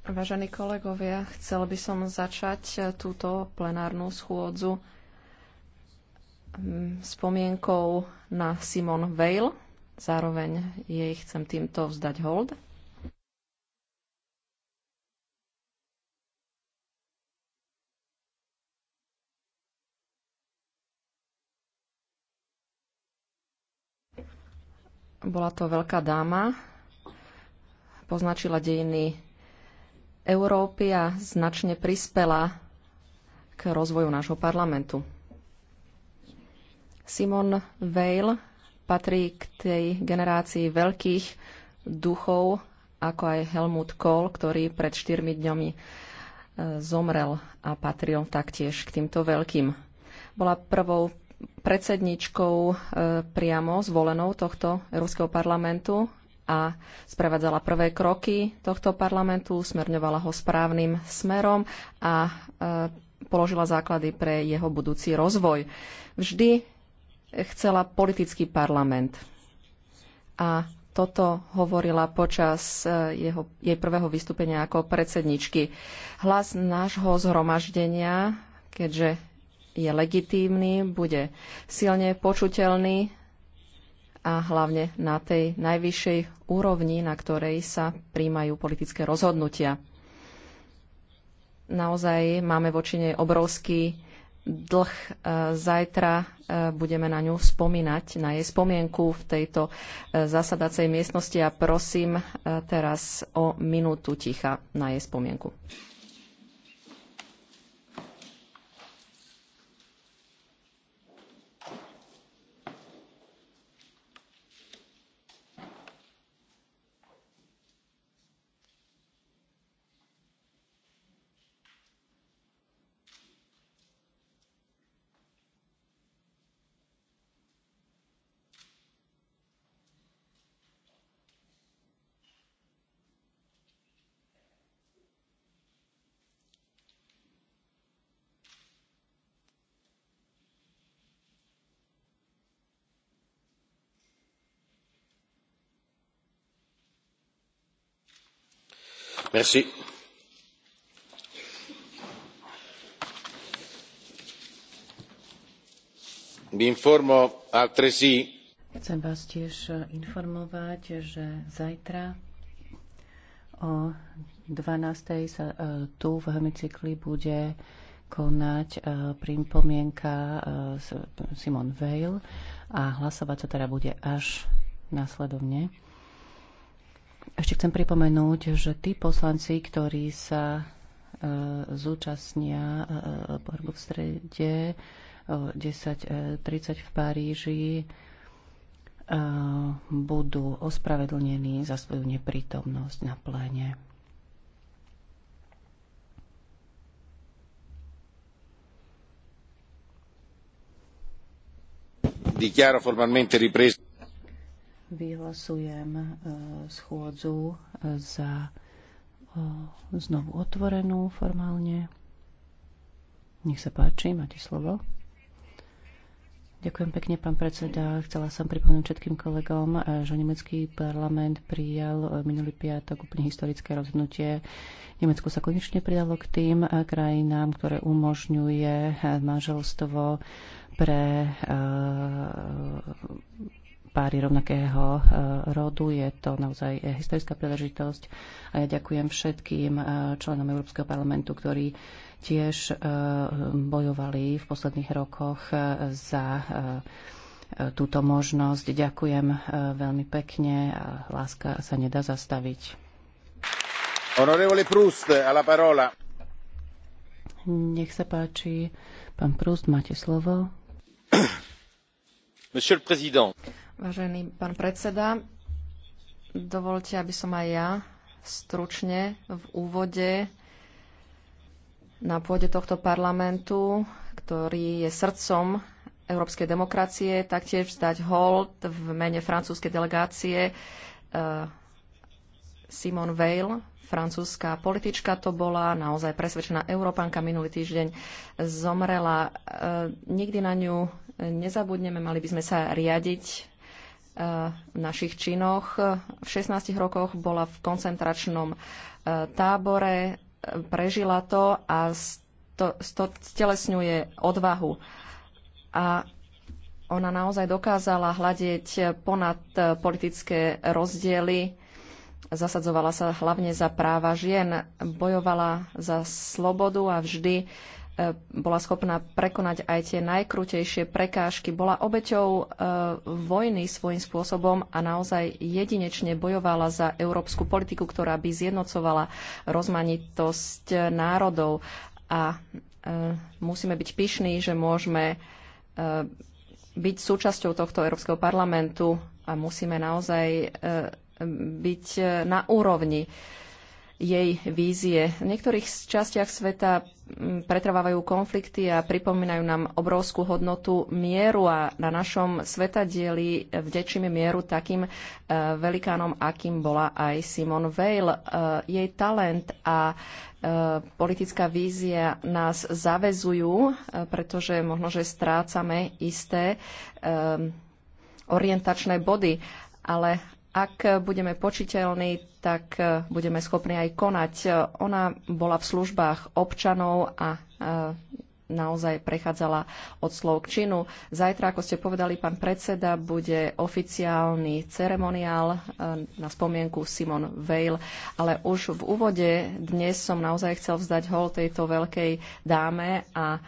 Vážení kolegovia, chcel by som začať e, túto plenárnu schôdzu spomienkou na Simon Veil. Zároveň jej chcem týmto vzdať hold. Bola to veľká dáma, poznačila dejiny Európy a značne prispela k rozvoju nášho parlamentu. Simon Weil patrí k tej generácii veľkých duchov, ako aj Helmut Kohl, ktorý pred 4 dňami e, zomrel a patril taktiež k týmto veľkým. Bola prvou predsedničkou e, priamo zvolenou tohto Európskeho parlamentu a sprevádzala prvé kroky tohto parlamentu, smerňovala ho správnym smerom a e, položila základy pre jeho budúci rozvoj. Vždy chcela politický parlament. A toto hovorila počas e, jeho, jej prvého vystúpenia ako predsedničky. Hlas nášho zhromaždenia, keďže je legitímny, bude silne počuteľný a hlavne na tej najvyššej úrovni, na ktorej sa príjmajú politické rozhodnutia. Naozaj máme voči nej obrovský dlh. E, zajtra e, budeme na ňu spomínať, na jej spomienku v tejto e, zasadacej miestnosti a prosím teraz o minútu ticha na jej spomienku. Merci. vi informo altresì Chcem vás tiež informovať, že zajtra o dvanástej sa e, tu v hemicykli bude konať e, pripomienka e, Simon Veil a hlasovať sa teda bude až následovne. Ešte chcem pripomenúť, že tí poslanci, ktorí sa e, zúčastnia borbu e, e, v strede o 10.30 v Paríži, budú ospravedlnení za svoju neprítomnosť na pléne. Dichiaro formalmente ripreso vyhlasujem e, schôdzu za e, znovu otvorenú formálne. Nech sa páči, máte slovo. Ďakujem pekne, pán predseda. Chcela som pripomenúť všetkým kolegom, e, že nemecký parlament prijal minulý piatok úplne historické rozhodnutie. Nemecko sa konečne pridalo k tým krajinám, ktoré umožňuje manželstvo pre páry rovnakého e, rodu. Je to naozaj historická príležitosť a ja ďakujem všetkým e, členom Európskeho parlamentu, ktorí tiež e, bojovali v posledných rokoch za túto možnosť. Ďakujem veľmi pekne a láska sa nedá zastaviť. Honorevole Proust, parola. Nech sa páči. Pán Proust, máte slovo. Monsieur le Président, Vážený pán predseda, dovolte, aby som aj ja stručne v úvode na pôde tohto parlamentu, ktorý je srdcom európskej demokracie, taktiež vzdať hold v mene francúzskej delegácie eh, Simone Veil, francúzska politička to bola, naozaj presvedčená Európanka, minulý týždeň zomrela. Eh, nikdy na ňu nezabudneme, mali by sme sa riadiť v e, našich činoch. V 16 rokoch bola v koncentračnom e, tábore, e, prežila to a stelesňuje odvahu. A ona naozaj dokázala hľadieť ponad politické rozdiely. Zasadzovala sa hlavne za práva žien, bojovala za slobodu a vždy E, bola schopná prekonať aj tie najkrutejšie prekážky. Bola obeťou e, vojny svojím spôsobom a naozaj jedinečne bojovala za európsku politiku, ktorá by zjednocovala rozmanitosť národov. A e, musíme byť pyšní, že môžeme byť súčasťou tohto Európskeho parlamentu a musíme naozaj byť na úrovni jej vízie. V niektorých častiach sveta mm, pretrvávajú konflikty a pripomínajú nám obrovskú hodnotu mieru a na našom svetadieli vďačíme mieru takým e, velikánom, akým bola aj Simon Weil. E, jej talent a e, politická vízia nás zavezujú, pretože možno, že strácame isté orientačné body, ale ak budeme počiteľní, tak e, budeme schopní aj konať. Ona bola v službách občanov a e, naozaj prechádzala od slov k činu. Zajtra, ako ste povedali, pán predseda, bude oficiálny ceremoniál e, na spomienku Simon Veil, ale už v úvode dnes som naozaj chcel vzdať hol tejto veľkej dáme a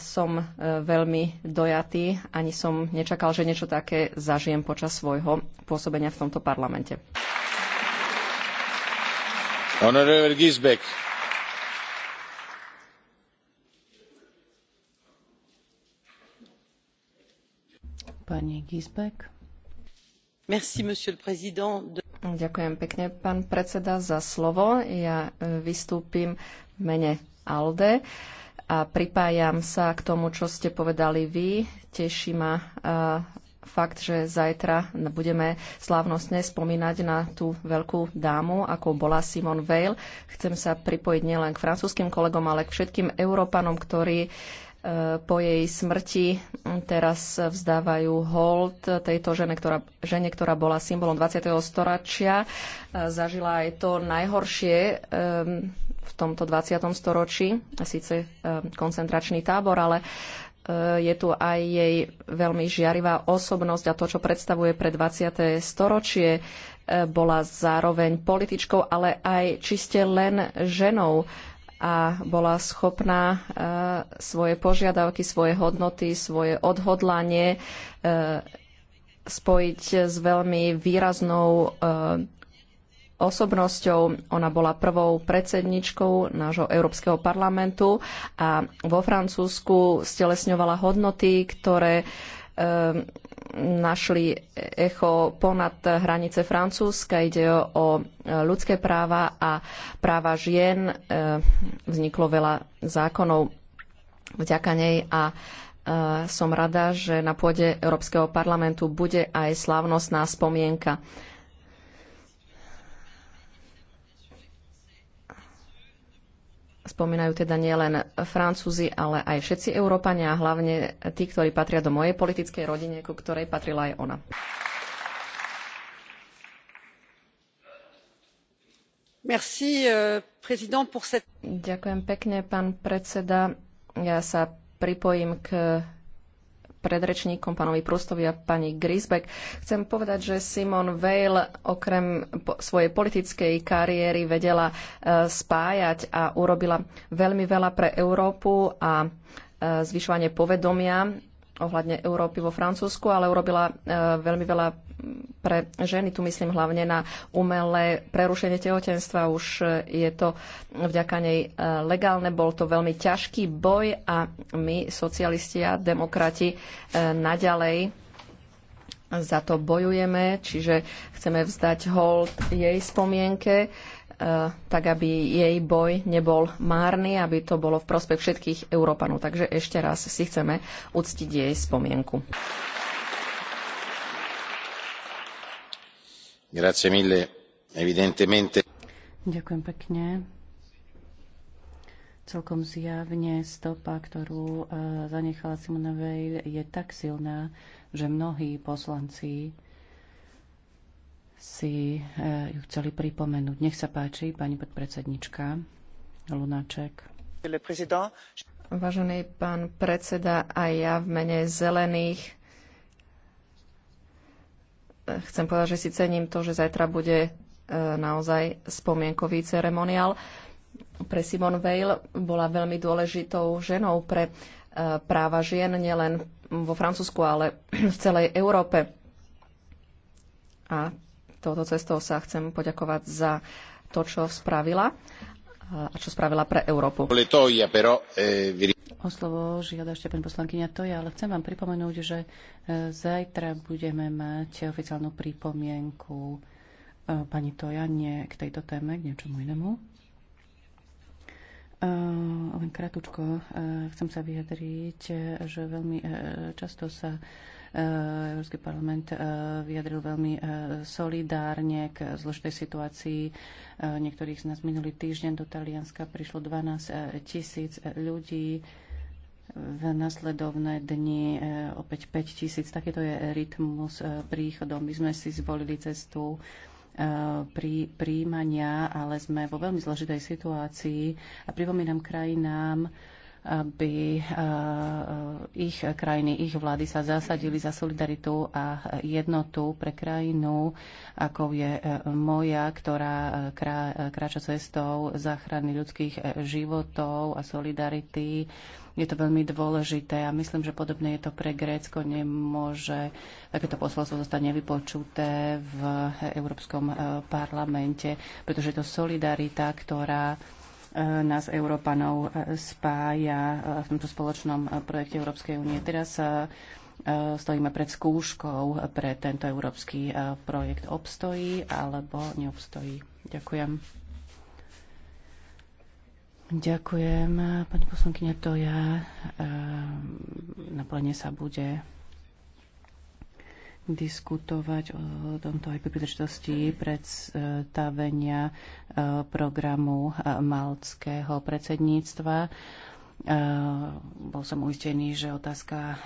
som e, veľmi dojatý. Ani som nečakal, že niečo také zažijem počas svojho pôsobenia v tomto parlamente. Honorable Gisbeck. Pani Gisbeck. Merci, monsieur le président. Ďakujem pekne, pán predseda, za slovo. Ja e, vystúpim v mene ALDE. Uh, a pripájam sa k tomu, čo ste povedali vy. Teší ma e, fakt, že zajtra budeme slávnostne spomínať na tú veľkú dámu, ako bola Simone Veil. Chcem sa pripojiť nielen k francúzským kolegom, ale k všetkým Európanom, ktorí uh, E, po jej smrti teraz vzdávajú hold tejto žene, ktorá, žene, ktorá bola symbolom 20. storočia. E, zažila aj to najhoršie e, v tomto 20. storočí, síce koncentračný tábor, ale je tu aj jej veľmi žiarivá osobnosť a to, čo predstavuje pre 20. storočie, bola zároveň političkou, ale aj čiste len ženou a bola schopná e, svoje požiadavky, svoje hodnoty, svoje odhodlanie e, spojiť s veľmi výraznou e, osobnosťou. Ona bola prvou predsedničkou nášho Európskeho parlamentu a vo Francúzsku stelesňovala hodnoty, ktoré našli echo ponad hranice Francúzska. Ide o ľudské práva a práva žien. E, vzniklo veľa zákonov vďaka nej a e, som rada, že na pôde Európskeho parlamentu bude aj slávnostná spomienka spomínajú teda nielen Francúzi, ale aj všetci Európania a hlavne tí, ktorí patria do mojej politickej rodine, ku ktorej patrila aj ona. Merci, euh, président, pour cette... Ďakujem pekne, pán predseda. Ja sa pripojím k predrečníkom, pánovi Prustovi a pani Grisbeck. Chcem povedať, že Simon Weil okrem svojej politickej kariéry vedela e, spájať a urobila veľmi veľa pre Európu a e, zvyšovanie povedomia ohľadne Európy vo Francúzsku, ale urobila e, veľmi veľa pre ženy. Tu myslím hlavne na umelé prerušenie tehotenstva. Už e, je to vďaka nej e, legálne. Bol to veľmi ťažký boj a my, socialisti a demokrati, naďalej za to bojujeme, čiže chceme vzdať hold jej spomienke Eh, tak aby jej boj nebol márny, aby to bolo v prospech všetkých Európanov. Takže ešte raz si chceme uctiť jej spomienku. Grazie mille. Evidentemente. Ďakujem pekne. Celkom zjavne stopa, ktorú eh, zanechala Simona Veil, je tak silná, že mnohí poslanci si e, ju chceli pripomenúť. Nech sa páči, pani podpredsednička Lunáček. Vážený pán predseda, aj ja v mene zelených e, chcem povedať, že si cením to, že zajtra bude e, naozaj spomienkový ceremoniál. Pre Simon Weil bola veľmi dôležitou ženou pre práva žien nielen vo Francúzsku, ale v celej Európe. A touto cestou sa chcem poďakovať za to, čo spravila a čo spravila pre Európu. O slovo žiada ešte pani poslankyňa Toja, ale chcem vám pripomenúť, že e, zajtra budeme mať oficiálnu pripomienku e, pani Toja nie k tejto téme, k niečomu inému. Len kratučko chcem sa vyjadriť, že veľmi často sa Európsky parlament vyjadril veľmi solidárne k zložitej situácii. Niektorých z nás minulý týždeň do Talianska prišlo 12 tisíc ľudí v nasledovné dni opäť 5 tisíc. Takýto je rytmus príchodom. My sme si zvolili cestu pri príjmania, ale sme vo veľmi zložitej situácii a pripomínam krajinám, aby eh, ich krajiny, ich vlády sa zasadili za solidaritu a jednotu pre krajinu, ako je eh, moja, ktorá eh, kráča cestou záchrany ľudských životov a solidarity. Je to veľmi dôležité a myslím, že podobne je to pre Grécko. Nemôže takéto posolstvo zostať nevypočuté v Európskom parlamente, pretože je to solidarita, ktorá E, nás Európanov e, spája e, v tomto spoločnom projekte Európskej únie. Teraz stojíme pred skúškou pre tento európsky projekt. Obstojí alebo neobstojí? Ďakujem. Ďakujem, pani poslankyňa Toja. Na plene sa bude diskutovať o tomto aj pri príležitosti predstavenia e, programu e, malckého predsedníctva. E, bol som uistený, že otázka